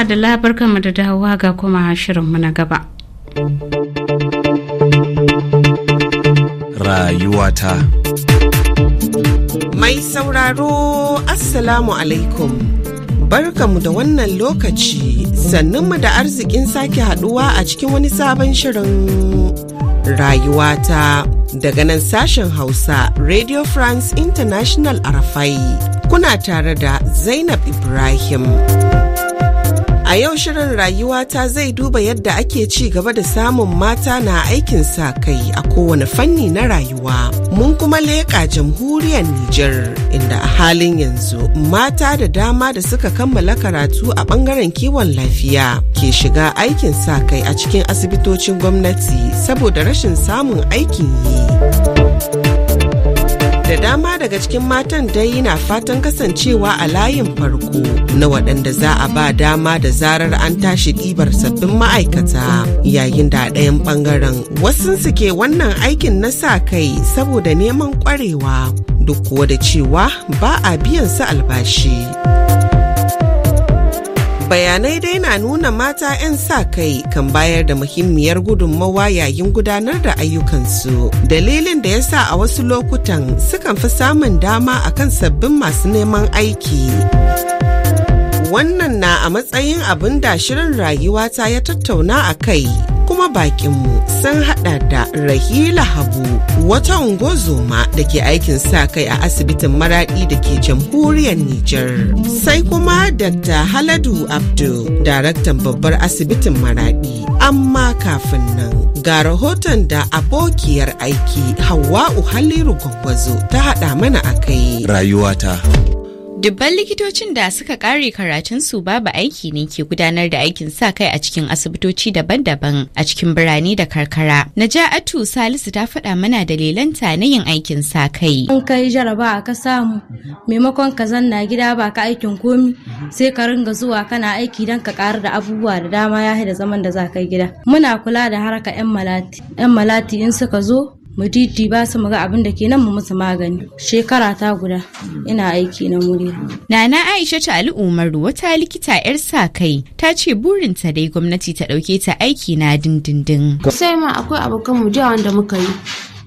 madalla barkanmu da dawowa ga kuma shirinmu na gaba. Rayuwata Mai sauraro Assalamu alaikum barkanmu da wannan lokaci sannunmu da arzikin sake haduwa a cikin wani sabon shirin rayuwata daga nan sashen Hausa Radio France International Arafai kuna tare da Zainab Ibrahim. A yau shirin rayuwata zai duba yadda ake ci gaba da samun mata na aikin sa kai a kowane fanni na rayuwa. Mun kuma leƙa jamhuriyar Nijar inda a halin yanzu mata da dama da suka kammala karatu a ɓangaren kiwon lafiya ke shiga aikin sa kai a cikin asibitocin gwamnati saboda rashin samun aikin yi. Da dama daga cikin matan dai na fatan kasancewa a layin farko na waɗanda za a ba dama da zarar an tashi ɗibar sabbin ma'aikata yayin da ɗayan ɓangaren wasu suke wannan aikin na sa kai saboda neman ƙwarewa duk kuwa da cewa ba a biyan su albashi. Bayanai dai na nuna mata 'yan sa kai kan bayar da muhimmiyar gudunmawa yayin gudanar da ayyukansu. Dalilin da ya sa a wasu lokutan sukan fi samun dama a kan sabbin masu neman aiki. Wannan na a matsayin abin da shirin rayuwata ya tattauna a kai. kuma bakinmu sun hada da Rahila Habu wata ungozoma da ke aikin sa kai a asibitin maradi da ke jamhuriyar Nijar. Sai kuma Dr. Haladu Abdul, daraktan babbar asibitin maradi. Amma kafin nan ga rahoton da abokiyar aiki hauwa'u haliru Gwagwazo ta hada mana a kai. Rayuwata. Dubban likitocin da suka kare karatunsu babu aiki ne ke gudanar da aikin sa kai a cikin asibitoci daban-daban a cikin birane da karkara. Naja'atu Salisu ta faɗa mana dalilanta na yin aikin sa kai. In kai jaraba ka samu maimakon ka zanna gida ba ka aikin komi sai ka ringa zuwa kana aiki don ka ƙara da abubuwa da dama ya da zaman da za ka gida. Muna kula da haraka 'yan malati. 'Yan malati in suka zo mu didi ba su muga abin da ke nan mu musu magani shekara ta guda ina aiki na murya. Nana Aisha ta Ali Umaru wata likita yar sa kai ta ce burin ta dai gwamnati ta ɗauke ta aiki na dindindin. Sai ma akwai abokan mu jiya wanda muka yi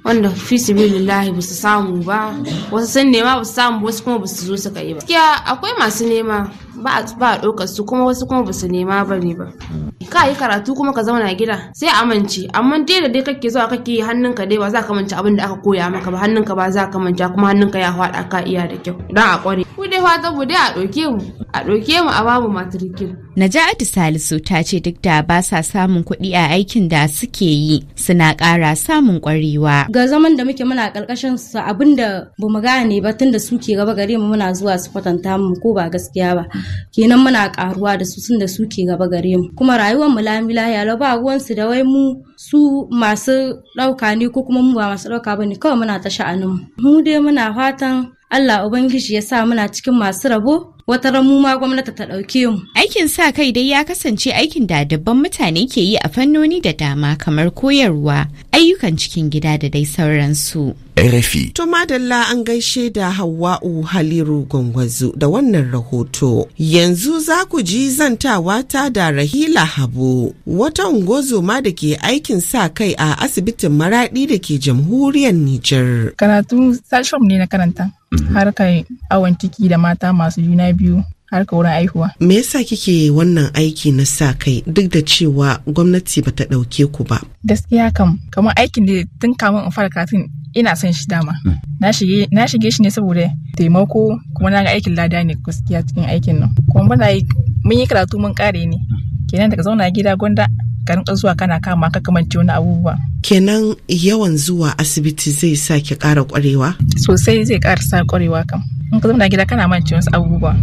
wanda fi lillahi ba su samu ba wasu sun nema ba su samu wasu kuma ba su zo su kai ba. Gaskiya akwai masu nema ba a ɗaukar su kuma wasu kuma ba su nema ba ne ba ka yi karatu kuma ka zauna gida sai amince amma dai da dai kake zuwa kake hannunka dai ba za ka manta abin da aka koya maka ba hannunka ba za ka manta kuma hannunka ya faɗa ka iya da kyau don a ƙware ku dai fata mu dai a ɗauke mu a ɗauke mu a babu matrikin Naja'atu Salisu ta ce duk da ba sa samun kuɗi a aikin da suke yi suna ƙara samun ƙwarewa. Ga zaman da muke muna ƙarƙashin su abin da ba gane ba tun da suke gaba gare mu muna zuwa su kwatanta mu ko ba gaskiya ba. kenan muna karuwa da su sun da su ke gaba gare mu kuma rayuwar mu lamila ya ba ruwansu da wai mu su masu ɗauka ne ko kuma mu ba masu ɗauka ba ne kawai muna ta sha'anin mu dai muna fatan Allah Ubangiji ya sa muna cikin masu rabo wata mu ma gwamnati ta ɗauke mu. Aikin sa kai dai ya kasance aikin da dabban mutane ke yi a fannoni da dama kamar koyarwa, ayyukan cikin gida da dai sauransu. RFI. To madalla an gaishe da Hawwa'u Haliru Gwangwazo da wannan rahoto. Yanzu za ku ji zantawa ta da Rahila Habo, wata ungozoma da ke aikin sa kai a asibitin Maraɗi da ke jamhuriyar Nijar. Karatu sashom ne na karanta. Mhm. Har kai awon ciki da mata masu juna biyu har ka wurin aihuwa. Me yasa kike wannan aiki na sa kai duk da cewa gwamnati bata ɗauke ku ba? Gaskiya kam, kamar aikin da tun kamun in fara kafin. ina son shi dama hmm. na shige shi ne saboda taimako kuma na ga aikin lada ne gaskiya cikin aikin nan kuma muna yi mun yi karatu mun kare ne kenan daga zauna gida gwanda ka rinka zuwa kana kama ka kamance wani abubuwa kenan yawan zuwa asibiti zai sa ki ƙara ƙwarewa sosai zai ƙara sa ƙwarewa kam in ka zauna gida kana mance wasu abubuwa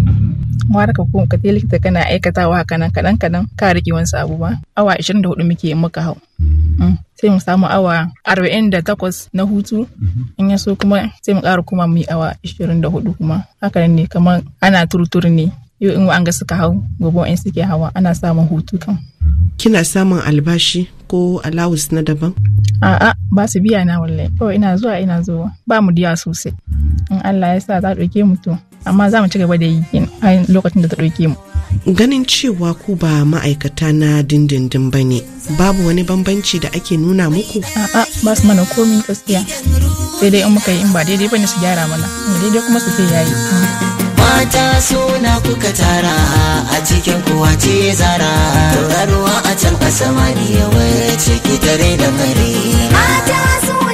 mara ka kuma ka je likita kana aikatawa haka nan kaɗan kaɗan ka rike wasu abubuwa awa 24 muke muka hau hmm. Hmm. sai mu samu awa arba'in 48 na hutu mhm. in ya so kuma sai mu ƙara kuma mu yi awa 24 kuma haka ne kamar ana turtur ne yau in an ga suka hau gobe in suke hawa ana samun hutu kan kina samun albashi ko alawus na daban a'a ba su biya na wallahi kawai ina zuwa ina zuwa ba mu diya sosai in Allah ya sa za a ɗauke mu to amma za mu ci gaba da yi a lokacin da ta ɗauke mu ganin cewa ku ba ma'aikata na dindindin ba ne babu wani bambanci da ake nuna muku a'a ba su mana komi gaskiya sai dai in muka yi in ba daidai bane su gyara mana daidai kuma su ya yayi mata suna kuka tara a cikin kowa ce zara tauraruwa a can a samaniya wai ciki tare da mare mata suna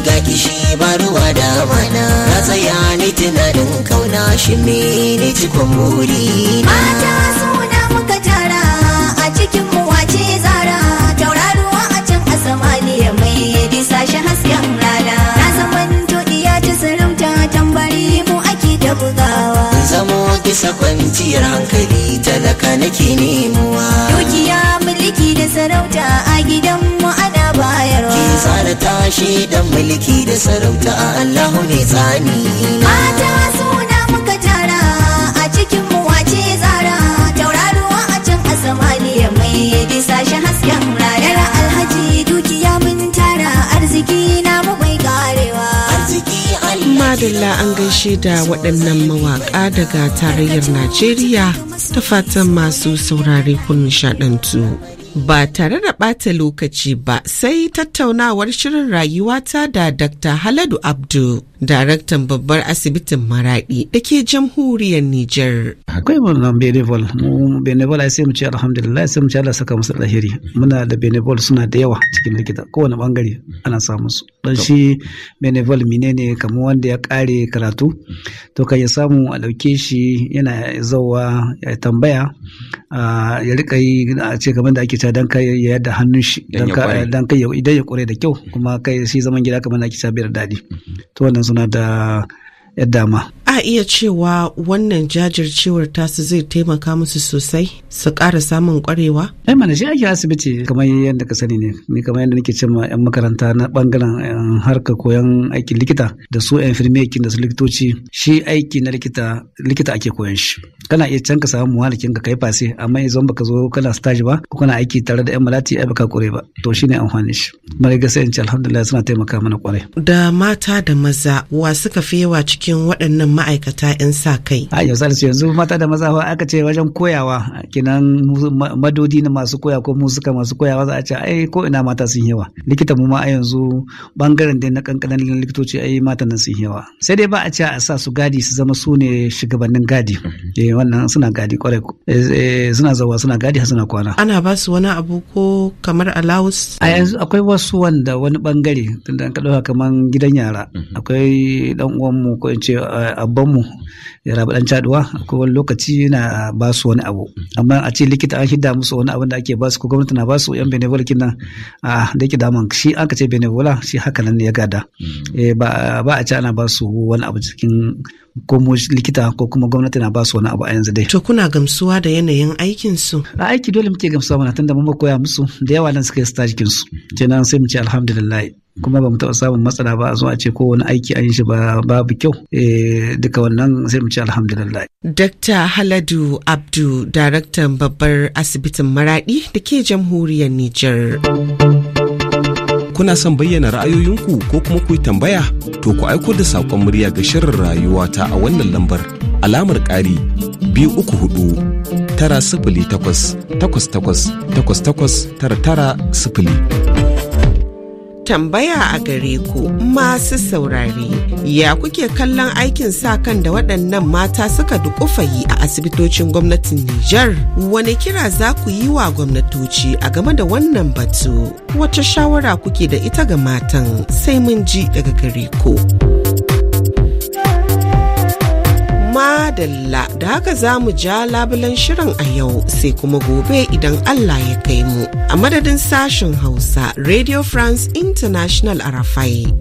ga kishi barwa da mana na tsaya ni tunanin kauna shi mene cikon muri mata suna muka tara a cikin mu wace zara tauraruwa a can asamaniya mai bisa shi hasken rana na zaman todiya ta sarauta tambari mu ake da bugawa zamo kisa kwanciyar hankali talaka nake nemuwa shi da mulki da sarauta Allahu ne tsani mata suna muka tara a cikin mu wace zara tauraruwa a can asamaliya mai bisa shi hasken ranar alhaji dukiya mun tara arziki na mu bai karewa madalla an gaishe da waɗannan mawaƙa daga tarayyar najeriya ta fatan masu saurare kun nishaɗantu. ba tare da ɓata lokaci ba sai tattaunawar shirin rayuwata da Dr. Haladu Abdu, daraktan babbar asibitin Maraɗi da ke jamhuriyar Nijar. Akwai wannan Benevol, mu Benevol a sai mu alhamdulillah sai mu Allah saka musu lahiri Muna da Benevol suna da yawa cikin likita kowane bangare ana samunsu su. dan shi mine ne kamar wanda ya kare karatu to ka ya samu a dauke shi yana zauwa ya tambaya ya rika yi a ce kamar da ake cewa dan kai ya yadda hannun shi dan kai idan ya kure da kyau kuma kai shi zaman gida kamar da ake cewa biyar daɗi to wannan suna da yadda ma. a iya cewa wannan jajircewar tasu zai taimaka musu sosai su ƙara samun ƙwarewa? ai eh, mana shi ake asibiti kamar yadda ka sani ne ni kamar yadda nake cewa yan makaranta na bangaren eh, harka koyon aikin likita da su yan firmekin da su likitoci shi aiki na likita likita ake koyon shi kana iya can ka samu muhalikin ka kai fase amma yanzu baka zo kana staji ba ko kana aiki tare da yan malati ai baka kure ba to shine hwani shi mara gasa in ce alhamdulillah suna taimaka mana kwarai da mata da maza wa suka fi yawa cikin waɗannan ma'aikata 'yan sa kai. A yau salisu yanzu mata da maza aka ce wajen koyawa kinan madodi na masu koya ko musuka masu koyawa za a ce ai ko ina mata sun yawa. Likita mu ma a yanzu bangaren da na kankanan likitoci ai mata nan sun yawa. Sai dai ba a ce a sa su gadi su zama su ne shugabannin gadi. Eh wannan suna gadi kwarai eh, eh, suna zawa suna gadi har suna kwana. Ana ba su wani abu ko kamar alawus. A yanzu akwai wasu wanda wani bangare tunda an ka kamar gidan yara. Mm-hmm. Akwai dan mu ko in ce eh, ya rabu dan caduwa akwai wani lokaci yana ba su wani abu amma a ce likita an hidda musu wani abu da ake ba su ko gwamnati na ba su yan benevola kinan a da yake daman shi an ka ce benevola shi haka nan ne ya gada mm. eh, ba a ci ana ba su wani abu cikin ko mu likita ko kuma gwamnati na ba su wani abu a yanzu dai. To kuna gamsuwa da yanayin aikin su? A aiki dole muke gamsuwa mana tunda mun koya musu da yawa nan suka yi stajikin su. Kenan sai mu ce alhamdulillah kuma ba mu taɓa samun matsala ba a zo a ce ko wani aiki an shi ba babu kyau eh, duka wannan sai mu ce alhamdulillah. Dr. Haladu Abdu, daraktan babbar asibitin Maraɗi da ke jamhuriyar Nijar. Kuna son bayyana ra'ayoyinku ko kuma ku tambaya to ku aiko da saƙon murya ga shirin rayuwa ta a wannan lambar alamar ƙari biyu uku hudu tara sifili takwas takwas takwas takwas takwas tara tara sifili. Tambaya a gare ku masu saurare, ya kuke kallon aikin sa kan da waɗannan mata suka dukufa yi a asibitocin gwamnatin Nijar? Wane kira za ku yi wa gwamnatoci a game da wannan batu? Wace shawara kuke da ita ga matan sai mun ji daga gare ku. madalla da haka za mu ja labulan shirin a yau sai kuma gobe idan Allah ya kai mu a madadin sashen Hausa Radio France International a Rafai